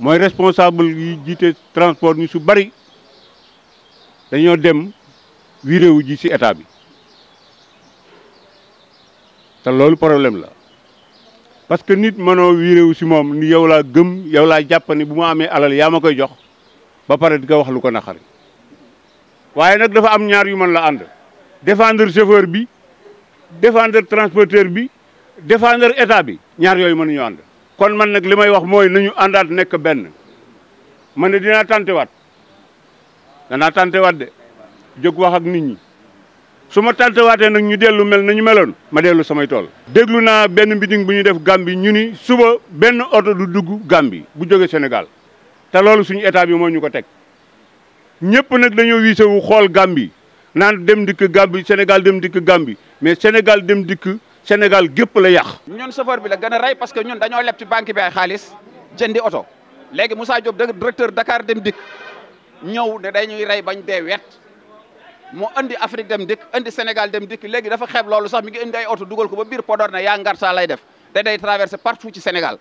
mooy responsable yi jiite transport ñu su bari dañoo dem wiréewu ji si état bi te loolu problème la parce que nit mënoo wiréewu ci moom ni yow laa gëm yow laa jàpp bu mu amee alal yaa ma koy jox ba pare di ko wax lu ko naqari waaye nag dafa am ñaar yu mën la ànd défendre chauffeur bi défendre transporteur bi défendre état bi ñaar yooyu mënuñoo ànd kon man nag li may wax mooy nañu àndaat nekk benn man ne dinaa tantewaat danaa tantewaat de jóg wax ak nit ñi su ma tantewaatee nag ñu dellu mel nañu meloon ma dellu samay tool déglu naa benn meeting bu ñu def Gambie ñu ni suba benn oto du dugg Gambie bu jóge Sénégal te loolu suñu état bi moo ñu ko teg ñëpp nag dañoo wiisewu xool Gambie naan dem dikk Gambie Sénégal dem dikk Gambie mais Sénégal dem dikk Sénégal gépp la yàq. ñun chauffeur bi la gën rey parce que ñun dañoo leb ci banque xaalis jëndi oto léegi Moussa Diop directeur Dakar Dem Dikk ñëw ne dañuy rey bañ dee wet moo andi Afrique Dem Dikk andi Sénégal Dem Dikk léegi dafa xeeb loolu sax mi ngi indi oto dugal ko ba biir Podor ne yaa ngartaa lay def te day traversé partout ci Sénégal.